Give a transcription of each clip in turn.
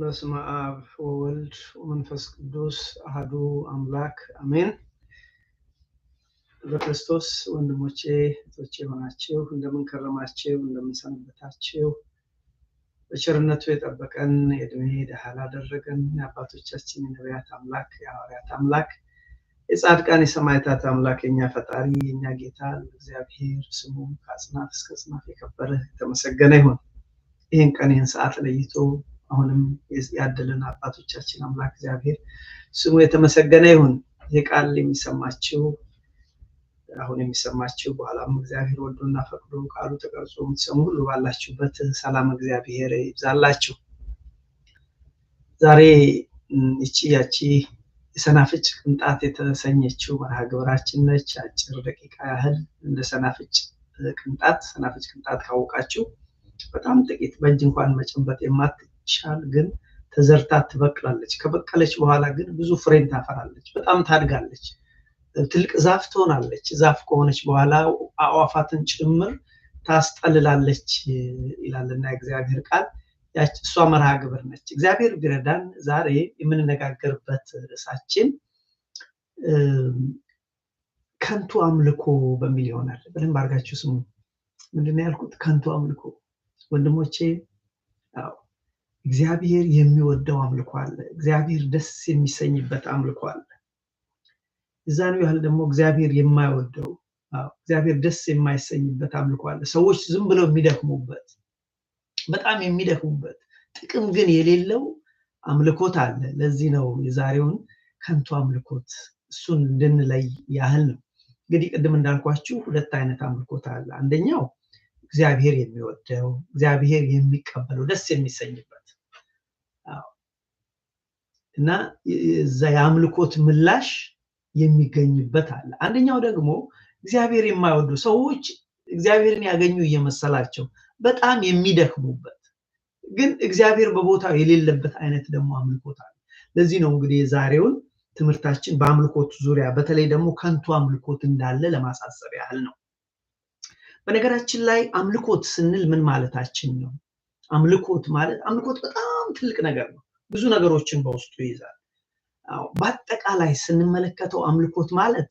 በስመ አብ ወወልድ ወመንፈስ ቅዱስ አህዱ አምላክ አሜን። በክርስቶስ ወንድሞቼ እህቶቼ የሆናችሁ እንደምን ከረማችሁ? በቸርነቱ የጠበቀን የእድሜ ደሃ አደረገን የአባቶቻችን የነቢያት አምላክ የሐዋርያት አምላክ የጻድቃን የሰማዕታት አምላክ የኛ ፈጣሪ የኛ ጌታ እግዚአብሔር ስሙ ከአጽናፍ እስከ አጽናፍ የከበረ የተመሰገነ ይሁን። ይህን ቀን ይህን ሰዓት ለይቶ አሁንም ያደለን አባቶቻችን አምላክ እግዚአብሔር ስሙ የተመሰገነ ይሁን። ይህ ቃል የሚሰማችው አሁን የሚሰማችው በኋላም እግዚአብሔር ወዶና ፈቅዶ ቃሉ ተቀርጾ የምትሰሙ ሁሉ ባላችሁበት ሰላም እግዚአብሔር ይብዛላችሁ። ዛሬ እቺ ያቺ የሰናፍጭ ቅንጣት የተሰኘችው መርሃ ግብራችን ነች። አጭር ደቂቃ ያህል እንደ ሰናፍጭ ቅንጣት ሰናፍጭ ቅንጣት ካወቃችሁ በጣም ጥቂት በእጅ እንኳን መጨበጥ የማት ይቻል ግን ተዘርታ ትበቅላለች። ከበቀለች በኋላ ግን ብዙ ፍሬን ታፈራለች። በጣም ታድጋለች። ትልቅ ዛፍ ትሆናለች። ዛፍ ከሆነች በኋላ አዕዋፋትን ጭምር ታስጠልላለች ይላልና የእግዚአብሔር ቃል። እሷ መርሃ ግብር ነች። እግዚአብሔር ቢረዳን ዛሬ የምንነጋገርበት ርዕሳችን ከንቱ አምልኮ በሚል ይሆናል። በደንብ አድርጋችሁ ስሙ። ምንድን ነው ያልኩት? ከንቱ አምልኮ ወንድሞቼ እግዚአብሔር የሚወደው አምልኮ አለ። እግዚአብሔር ደስ የሚሰኝበት አምልኮ አለ። እዛ ነው ያህል ደግሞ እግዚአብሔር የማይወደው እግዚአብሔር ደስ የማይሰኝበት አምልኮ አለ። ሰዎች ዝም ብለው የሚደክሙበት በጣም የሚደክሙበት ጥቅም ግን የሌለው አምልኮት አለ። ለዚህ ነው የዛሬውን ከንቱ አምልኮት እሱን እንድንለይ ያህል ነው። እንግዲህ ቅድም እንዳልኳችሁ ሁለት አይነት አምልኮት አለ። አንደኛው እግዚአብሔር የሚወደው እግዚአብሔር የሚቀበለው ደስ የሚሰኝበት እና እዛ የአምልኮት ምላሽ የሚገኝበት አለ። አንደኛው ደግሞ እግዚአብሔር የማይወዱ ሰዎች እግዚአብሔርን ያገኙ እየመሰላቸው በጣም የሚደክሙበት ግን እግዚአብሔር በቦታው የሌለበት አይነት ደግሞ አምልኮት አለ። ለዚህ ነው እንግዲህ የዛሬውን ትምህርታችን በአምልኮት ዙሪያ በተለይ ደግሞ ከንቱ አምልኮት እንዳለ ለማሳሰብ ያህል ነው። በነገራችን ላይ አምልኮት ስንል ምን ማለታችን ነው? አምልኮት ማለት አምልኮት በጣም ትልቅ ነገር ነው። ብዙ ነገሮችን በውስጡ ይይዛል። በአጠቃላይ ስንመለከተው አምልኮት ማለት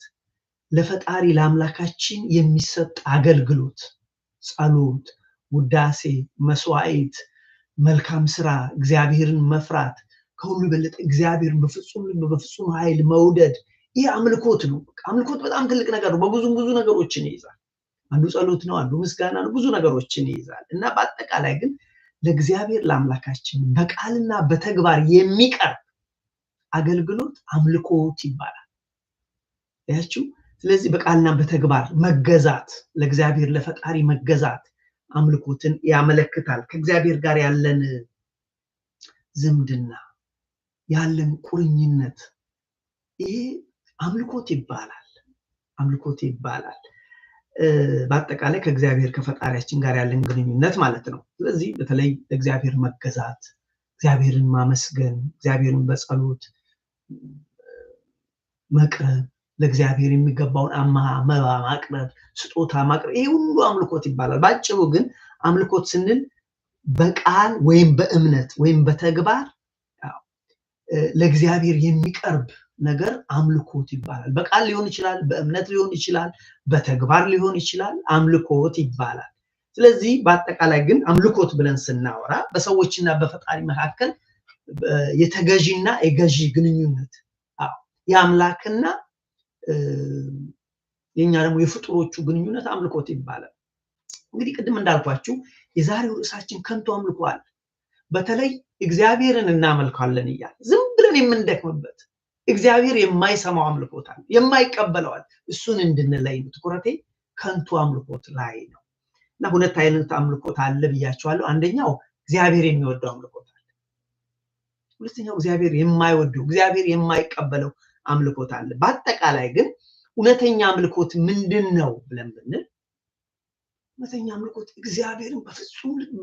ለፈጣሪ ለአምላካችን የሚሰጥ አገልግሎት፣ ጸሎት፣ ውዳሴ፣ መስዋዕት፣ መልካም ስራ፣ እግዚአብሔርን መፍራት፣ ከሁሉ የበለጠ እግዚአብሔርን በፍጹም ልብ በፍጹም ኃይል መውደድ፣ ይህ አምልኮት ነው። አምልኮት በጣም ትልቅ ነገር ነው። በብዙም ብዙ ነገሮችን ይይዛል። አንዱ ጸሎት ነው፣ አንዱ ምስጋና ነው፣ ብዙ ነገሮችን ይይዛል እና በአጠቃላይ ግን ለእግዚአብሔር ለአምላካችን በቃልና በተግባር የሚቀርብ አገልግሎት አምልኮት ይባላል። ያችው ስለዚህ በቃልና በተግባር መገዛት፣ ለእግዚአብሔር ለፈጣሪ መገዛት አምልኮትን ያመለክታል። ከእግዚአብሔር ጋር ያለን ዝምድና ያለን ቁርኝነት ይሄ አምልኮት ይባላል። አምልኮት ይባላል። በአጠቃላይ ከእግዚአብሔር ከፈጣሪያችን ጋር ያለን ግንኙነት ማለት ነው። ስለዚህ በተለይ ለእግዚአብሔር መገዛት፣ እግዚአብሔርን ማመስገን፣ እግዚአብሔርን በጸሎት መቅረብ፣ ለእግዚአብሔር የሚገባውን መባ ማቅረብ፣ ስጦታ ማቅረብ፣ ይህ ሁሉ አምልኮት ይባላል። በአጭሩ ግን አምልኮት ስንል በቃል ወይም በእምነት ወይም በተግባር ለእግዚአብሔር የሚቀርብ ነገር አምልኮት ይባላል። በቃል ሊሆን ይችላል፣ በእምነት ሊሆን ይችላል፣ በተግባር ሊሆን ይችላል። አምልኮት ይባላል። ስለዚህ በአጠቃላይ ግን አምልኮት ብለን ስናወራ በሰዎችና በፈጣሪ መካከል የተገዢና የገዢ ግንኙነት የአምላክና የኛ ደግሞ የፍጡሮቹ ግንኙነት አምልኮት ይባላል። እንግዲህ ቅድም እንዳልኳችሁ የዛሬው ርዕሳችን ከንቱ አምልኮ አለ። በተለይ እግዚአብሔርን እናመልካለን እያለ ዝም ብለን የምንደክምበት እግዚአብሔር የማይሰማው አምልኮታል የማይቀበለዋል። እሱን እንድንለይ ነው። ትኩረቴ ከንቱ አምልኮት ላይ ነው እና ሁለት አይነት አምልኮት አለ ብያቸዋለሁ። አንደኛው እግዚአብሔር የሚወደው አምልኮት አለ። ሁለተኛው እግዚአብሔር የማይወደው እግዚአብሔር የማይቀበለው አምልኮት አለ። በአጠቃላይ ግን እውነተኛ አምልኮት ምንድን ነው ብለን ብንል እውነተኛ አምልኮት እግዚአብሔርን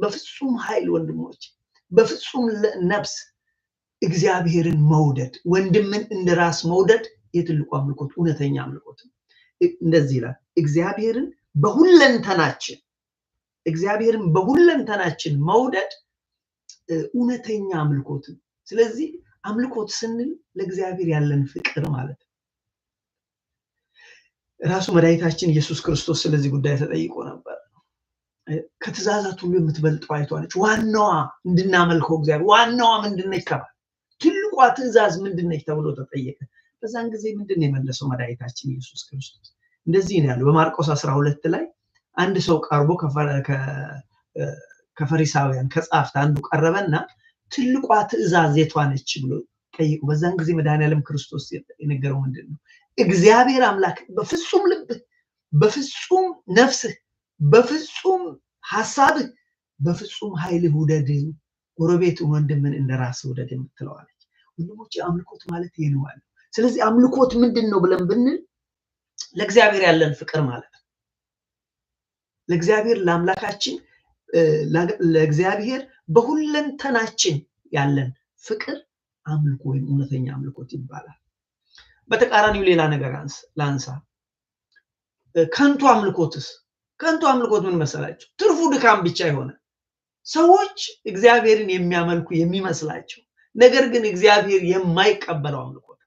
በፍጹም ኃይል ወንድሞች፣ በፍጹም ነፍስ እግዚአብሔርን መውደድ ወንድምን እንደ ራስ መውደድ የትልቁ አምልኮት እውነተኛ አምልኮት እንደዚህ ይላል እግዚአብሔርን በሁለንተናችን እግዚአብሔርን በሁለንተናችን መውደድ እውነተኛ አምልኮት ስለዚህ አምልኮት ስንል ለእግዚአብሔር ያለን ፍቅር ማለት ነው ራሱ መድኃኒታችን ኢየሱስ ክርስቶስ ስለዚህ ጉዳይ ተጠይቆ ነበር ከትእዛዛት ሁሉ የምትበልጠው አይቷለች ዋናዋ እንድናመልከው እግዚአብሔር ዋናዋ ምንድነች ተባለ ትልቋ ትእዛዝ ምንድን ነች ተብሎ ተጠየቀ። በዛን ጊዜ ምንድን ነው የመለሰው መድኃኒታችን ኢየሱስ ክርስቶስ? እንደዚህ ነው ያለው በማርቆስ 12 ላይ አንድ ሰው ቀርቦ ከፈሪሳውያን ከጻፍት አንዱ ቀረበና ትልቋ ትእዛዝ የቷ ነች ብሎ ጠይቁ። በዛን ጊዜ መድኃኒዓለም ክርስቶስ የነገረው ምንድን ነው? እግዚአብሔር አምላክ በፍጹም ልብህ፣ በፍጹም ነፍስህ፣ በፍጹም ሀሳብህ፣ በፍጹም ኃይልህ ውደድ፣ ጎረቤት ወንድምን እንደ ራስህ ውደድ የምትለዋል። ወንድሞች አምልኮት ማለት ይሄ ነው አለ። ስለዚህ አምልኮት ምንድን ነው ብለን ብንል ለእግዚአብሔር ያለን ፍቅር ማለት ነው። ለእግዚአብሔር ለአምላካችን ለእግዚአብሔር በሁለንተናችን ያለን ፍቅር አምልኮ ወይም እውነተኛ አምልኮት ይባላል። በተቃራኒው ሌላ ነገር ላንሳ። ከንቱ አምልኮትስ? ከንቱ አምልኮት ምን መሰላቸው? ትርፉ ድካም ብቻ የሆነ ሰዎች እግዚአብሔርን የሚያመልኩ የሚመስላቸው ነገር ግን እግዚአብሔር የማይቀበለው አምልኮት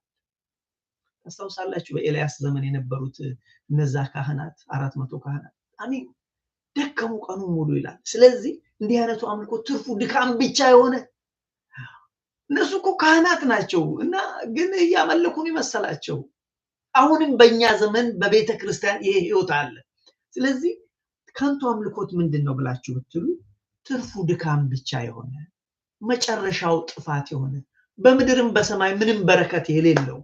ታስታውሳላችሁ። በኤልያስ ዘመን የነበሩት እነዛ ካህናት አራት መቶ ካህናት አሚን ደከሙ ቀኑ ሙሉ ይላል። ስለዚህ እንዲህ አይነቱ አምልኮ ትርፉ ድካም ብቻ የሆነ እነሱ እኮ ካህናት ናቸው እና ግን እያመለኩን ይመሰላቸው። አሁንም በእኛ ዘመን በቤተ ክርስቲያን ይሄ ህይወት አለ። ስለዚህ ከንቱ አምልኮት ምንድን ነው ብላችሁ ብትሉ ትርፉ ድካም ብቻ የሆነ መጨረሻው ጥፋት የሆነ በምድርም በሰማይ ምንም በረከት የሌለው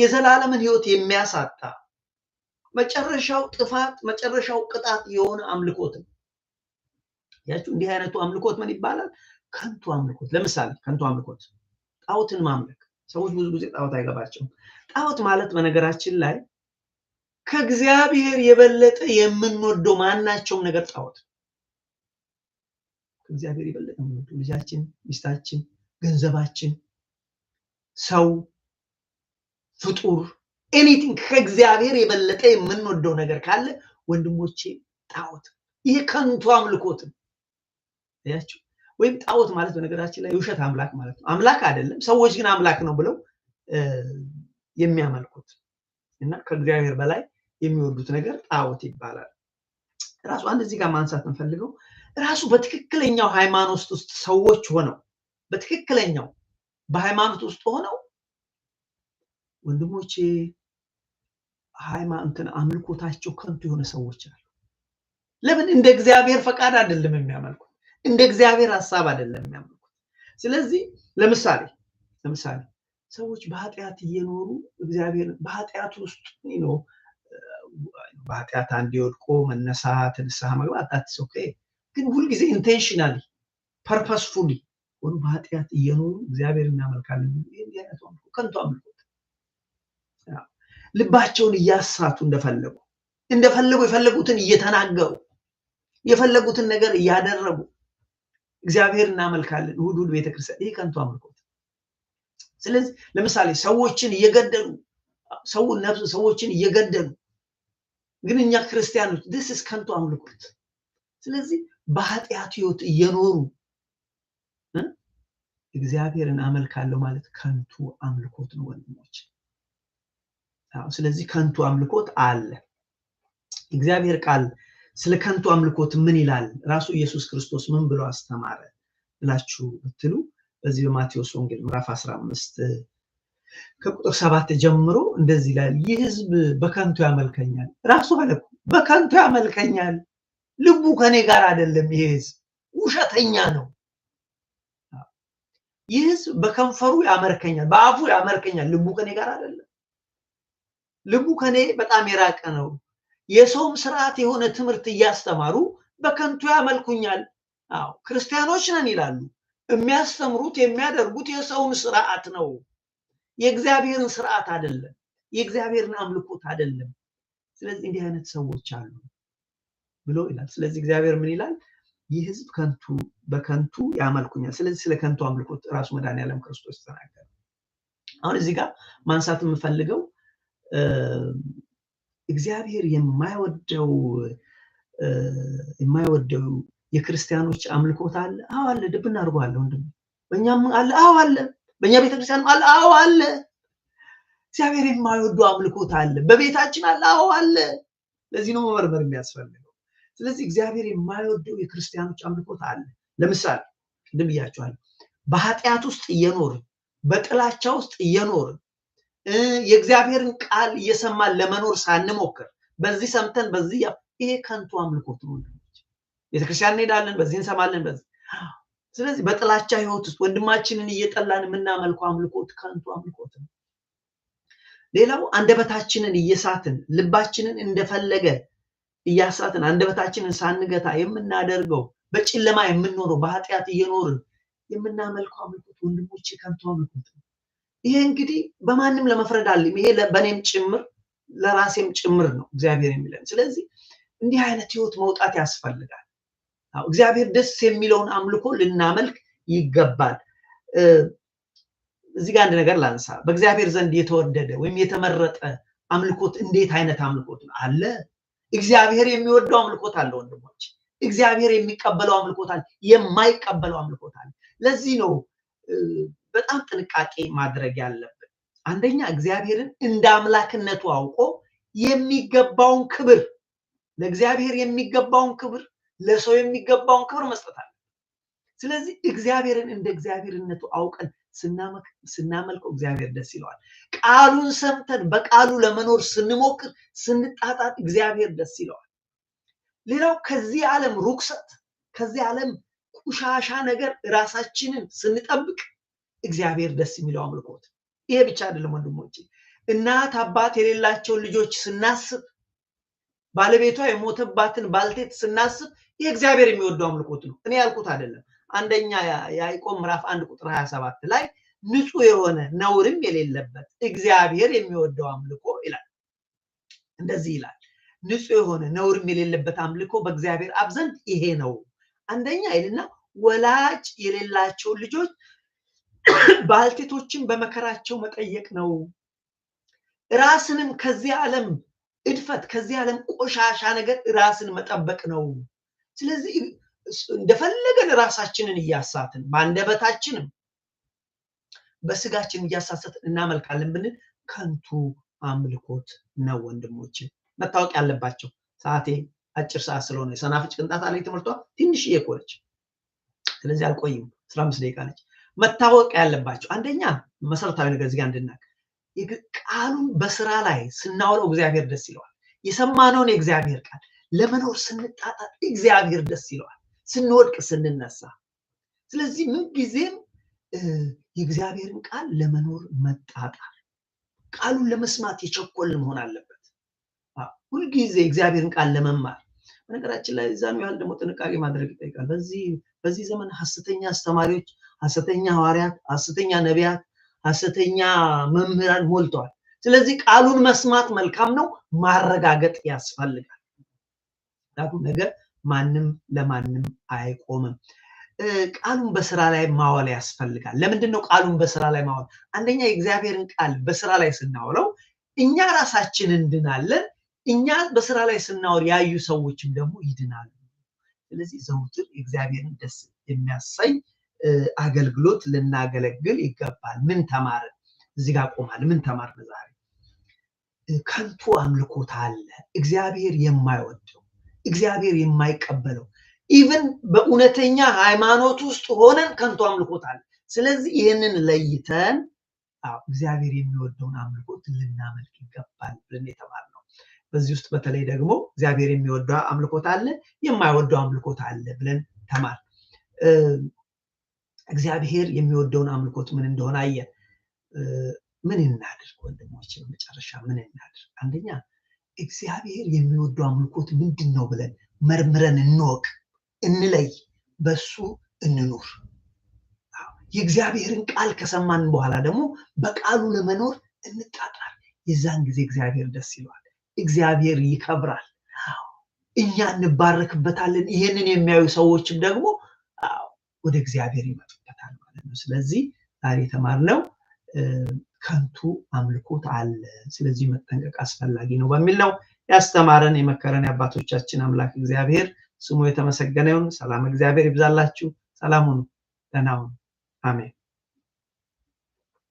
የዘላለምን ህይወት የሚያሳጣ መጨረሻው ጥፋት መጨረሻው ቅጣት የሆነ አምልኮት ነው። ያችሁ እንዲህ አይነቱ አምልኮት ምን ይባላል? ከንቱ አምልኮት። ለምሳሌ ከንቱ አምልኮት ጣዖትን ማምለክ። ሰዎች ብዙ ጊዜ ጣዖት አይገባቸውም። ጣዖት ማለት በነገራችን ላይ ከእግዚአብሔር የበለጠ የምንወደው ማናቸውም ነገር ጣዖት ነው። ከእግዚአብሔር የበለጠ የምንወደው ልጃችን፣ ሚስታችን፣ ገንዘባችን፣ ሰው፣ ፍጡር ኤኒቲንግ ከእግዚአብሔር የበለጠ የምንወደው ነገር ካለ ወንድሞቼ ጣዖት ይሄ ከንቱ አምልኮትም ያቸው ወይም ጣዖት ማለት በነገራችን ላይ የውሸት አምላክ ማለት ነው። አምላክ አይደለም፣ ሰዎች ግን አምላክ ነው ብለው የሚያመልኩት እና ከእግዚአብሔር በላይ የሚወዱት ነገር ጣዖት ይባላል። ራሱ አንድ እዚህ ጋር ማንሳት እንፈልገው ራሱ በትክክለኛው ሃይማኖት ውስጥ ሰዎች ሆነው በትክክለኛው በሃይማኖት ውስጥ ሆነው ወንድሞቼ ሃይማኖትን አምልኮታቸው ከንቱ የሆነ ሰዎች አሉ። ለምን እንደ እግዚአብሔር ፈቃድ አይደለም የሚያመልኩት፣ እንደ እግዚአብሔር ሀሳብ አይደለም የሚያመልኩት። ስለዚህ ለምሳሌ ለምሳሌ ሰዎች በኃጢአት እየኖሩ እግዚአብሔር በኃጢአት ውስጥ ነው በኃጢአት አንድ ወድቆ መነሳት ንስሐ መግባት ኦኬ ግን ሁልጊዜ ኢንቴንሽናሊ ፐርፐስፉሊ ሆኑ በኃጢአት እየኖሩ እግዚአብሔር እናመልካለን። ከንቱ አምልኮት ልባቸውን እያሳቱ እንደፈለጉ እንደፈለጉ የፈለጉትን እየተናገሩ የፈለጉትን ነገር እያደረጉ እግዚአብሔር እናመልካለን እሑድ ሁድ ቤተክርስቲያን፣ ይህ ከንቱ አምልኮት። ስለዚህ ለምሳሌ ሰዎችን እየገደሉ ሰው ነፍስ ሰዎችን እየገደሉ ግን እኛ ክርስቲያኖች ስ ከንቱ አምልኮት ስለዚህ በኃጢአት ህይወት እየኖሩ እግዚአብሔርን አመልካለሁ ማለት ከንቱ አምልኮት ነው ወንድሞች ስለዚህ ከንቱ አምልኮት አለ እግዚአብሔር ቃል ስለ ከንቱ አምልኮት ምን ይላል ራሱ ኢየሱስ ክርስቶስ ምን ብሎ አስተማረ ብላችሁ ብትሉ በዚህ በማቴዎስ ወንጌል ምዕራፍ 15 ከቁጥር ሰባት ጀምሮ እንደዚህ ይላል ይህ ህዝብ በከንቱ ያመልከኛል ራሱ አለ በከንቱ ያመልከኛል ልቡ ከኔ ጋር አይደለም። ይህ ህዝብ ውሸተኛ ነው። ይህ ህዝብ በከንፈሩ ያመርከኛል፣ በአፉ ያመርከኛል። ልቡ ከኔ ጋር አይደለም። ልቡ ከኔ በጣም የራቀ ነው። የሰውም ስርዓት የሆነ ትምህርት እያስተማሩ በከንቱ ያመልኩኛል። አዎ ክርስቲያኖች ነን ይላሉ። የሚያስተምሩት የሚያደርጉት የሰውን ስርዓት ነው። የእግዚአብሔርን ስርዓት አይደለም። የእግዚአብሔርን አምልኮት አይደለም። ስለዚህ እንዲህ አይነት ሰዎች አሉ። ብሎ ይላል። ስለዚህ እግዚአብሔር ምን ይላል? ይህ ህዝብ ከንቱ በከንቱ ያመልኩኛል። ስለዚህ ስለ ከንቱ አምልኮት ራሱ ያለም ክርስቶስ ተናገረ። አሁን እዚህ ጋር ማንሳት የምፈልገው እግዚአብሔር የማይወደው የማይወደው የክርስቲያኖች አምልኮት አለ። አዎ አለ። ድብ እናርጓለ ወንድ በእኛም አለ። አዎ አለ። በእኛ ቤተክርስቲያንም አለ። አዎ አለ። እግዚአብሔር የማይወደው አምልኮት አለ። በቤታችን አለ። አዎ አለ። ለዚህ ነው መመርመር የሚያስፈልገው። ስለዚህ እግዚአብሔር የማይወደው የክርስቲያኖች አምልኮት አለ። ለምሳሌ ቅድም እያቸዋል በኃጢአት ውስጥ እየኖርን በጥላቻ ውስጥ እየኖርን የእግዚአብሔርን ቃል እየሰማን ለመኖር ሳንሞክር በዚህ ሰምተን በዚህ ይሄ ከንቱ አምልኮት ነው። ቤተክርስቲያን እንሄዳለን፣ በዚህ እንሰማለን፣ በዚህ ስለዚህ በጥላቻ ህይወት ውስጥ ወንድማችንን እየጠላን የምናመልከው አምልኮት ከንቱ አምልኮት ነው። ሌላው አንደበታችንን እየሳትን ልባችንን እንደፈለገ እያሳትን አንደበታችንን ሳንገታ የምናደርገው በጨለማ የምንኖረው በኃጢአት እየኖርን የምናመልከው አምልኮት ወንድሞቼ ከንቱ አምልኮት ነው። ይሄ እንግዲህ በማንም ለመፍረድ አለም ይሄ በእኔም ጭምር ለራሴም ጭምር ነው እግዚአብሔር የሚለን። ስለዚህ እንዲህ አይነት ህይወት መውጣት ያስፈልጋል። እግዚአብሔር ደስ የሚለውን አምልኮ ልናመልክ ይገባል። እዚህ ጋር አንድ ነገር ላንሳ። በእግዚአብሔር ዘንድ የተወደደ ወይም የተመረጠ አምልኮት እንዴት አይነት አምልኮት አለ እግዚአብሔር የሚወደው አምልኮት አለ ወንድሞች፣ እግዚአብሔር የሚቀበለው አምልኮት አለ፣ የማይቀበለው አምልኮት አለ። ለዚህ ነው በጣም ጥንቃቄ ማድረግ ያለብን። አንደኛ እግዚአብሔርን እንደ አምላክነቱ አውቆ የሚገባውን ክብር ለእግዚአብሔር የሚገባውን ክብር ለሰው የሚገባውን ክብር መስጠት አለ። ስለዚህ እግዚአብሔርን እንደ እግዚአብሔርነቱ አውቀን ስናመልከው እግዚአብሔር ደስ ይለዋል። ቃሉን ሰምተን በቃሉ ለመኖር ስንሞክር፣ ስንጣጣት እግዚአብሔር ደስ ይለዋል። ሌላው ከዚህ ዓለም ሩክሰት፣ ከዚህ ዓለም ቁሻሻ ነገር ራሳችንን ስንጠብቅ እግዚአብሔር ደስ የሚለው አምልኮት። ይሄ ብቻ አይደለም ወንድሞች እናት አባት የሌላቸውን ልጆች ስናስብ፣ ባለቤቷ የሞተባትን ባልቴት ስናስብ፣ ይህ እግዚአብሔር የሚወደው አምልኮት ነው። እኔ ያልኩት አይደለም። አንደኛ የአይቆም ምዕራፍ አንድ ቁጥር 27 ላይ ንጹህ የሆነ ነውርም የሌለበት እግዚአብሔር የሚወደው አምልኮ ይላል። እንደዚህ ይላል፣ ንጹህ የሆነ ነውርም የሌለበት አምልኮ በእግዚአብሔር አብዘንድ ይሄ ነው። አንደኛ ይልና ወላጅ የሌላቸውን ልጆች ባልቴቶችን በመከራቸው መጠየቅ ነው። ራስንም ከዚህ ዓለም እድፈት ከዚህ ዓለም ቆሻሻ ነገር ራስን መጠበቅ ነው። ስለዚህ እንደፈለገን ራሳችንን እያሳትን በአንደበታችንም በስጋችን እያሳሰትን እናመልካለን ብንል ከንቱ አምልኮት ነው። ወንድሞች መታወቅ ያለባቸው ሰዓቴ አጭር ሰዓት ስለሆነ የሰናፍጭ ቅንጣት ላይ ትምህርቷ ትንሽ እኮ ስለዚህ አልቆይም፣ አስራ አምስት ደቂቃ ነች። መታወቅ ያለባቸው አንደኛ መሰረታዊ ነገር እዚጋ እንድናቅ ቃሉን በስራ ላይ ስናውለው እግዚአብሔር ደስ ይለዋል። የሰማነውን የእግዚአብሔር ቃል ለመኖር ስንጣጣ እግዚአብሔር ደስ ይለዋል። ስንወድቅ ስንነሳ። ስለዚህ ምንጊዜም የእግዚአብሔርን ቃል ለመኖር መጣጣር፣ ቃሉን ለመስማት የቸኮል መሆን አለበት። ሁልጊዜ እግዚአብሔርን ቃል ለመማር በነገራችን ላይ እዛም ያህል ደግሞ ጥንቃቄ ማድረግ ይጠይቃል። በዚህ ዘመን ሀሰተኛ አስተማሪዎች፣ ሀሰተኛ ሐዋርያት፣ ሀሰተኛ ነቢያት፣ ሀሰተኛ መምህራን ሞልተዋል። ስለዚህ ቃሉን መስማት መልካም ነው፣ ማረጋገጥ ያስፈልጋል። ነገር ማንም ለማንም አይቆምም። ቃሉን በስራ ላይ ማዋል ያስፈልጋል። ለምንድን ነው ቃሉን በስራ ላይ ማዋል? አንደኛ የእግዚአብሔርን ቃል በስራ ላይ ስናውለው እኛ ራሳችን እንድናለን። እኛ በስራ ላይ ስናወር ያዩ ሰዎችም ደግሞ ይድናሉ። ስለዚህ ዘውትር የእግዚአብሔርን ደስ የሚያሳይ አገልግሎት ልናገለግል ይገባል። ምን ተማር እዚህ ጋር ቆማል። ምን ተማር ዛሬ? ከንቱ አምልኮት አለ እግዚአብሔር የማይወደው እግዚአብሔር የማይቀበለው ኢቭን በእውነተኛ ሃይማኖት ውስጥ ሆነን ከንቱ አምልኮታል። ስለዚህ ይህንን ለይተን እግዚአብሔር የሚወደውን አምልኮት ልናመልክ ይገባል ብለን የተማርነው በዚህ ውስጥ በተለይ ደግሞ እግዚአብሔር የሚወደው አምልኮት አለ፣ የማይወደው አምልኮት አለ ብለን ተማር። እግዚአብሔር የሚወደውን አምልኮት ምን እንደሆነ አየን። ምን እናድርግ ወንድሞች? መጨረሻ ምን እናድርግ? አንደኛ እግዚአብሔር የሚወደው አምልኮት ምንድን ነው ብለን መርምረን እንወቅ፣ እንለይ፣ በሱ እንኑር። የእግዚአብሔርን ቃል ከሰማን በኋላ ደግሞ በቃሉ ለመኖር እንጣጣር። የዛን ጊዜ እግዚአብሔር ደስ ይለዋል፣ እግዚአብሔር ይከብራል፣ እኛ እንባረክበታለን። ይህንን የሚያዩ ሰዎችም ደግሞ ወደ እግዚአብሔር ይመጡበታል ማለት ነው። ስለዚህ ዛሬ የተማርነው ከንቱ አምልኮት አለ ስለዚህ መጠንቀቅ አስፈላጊ ነው በሚል ነው ያስተማረን የመከረን የአባቶቻችን አምላክ እግዚአብሔር ስሙ የተመሰገነ ይሁን ሰላም እግዚአብሔር ይብዛላችሁ ሰላም ሁኑ አሜን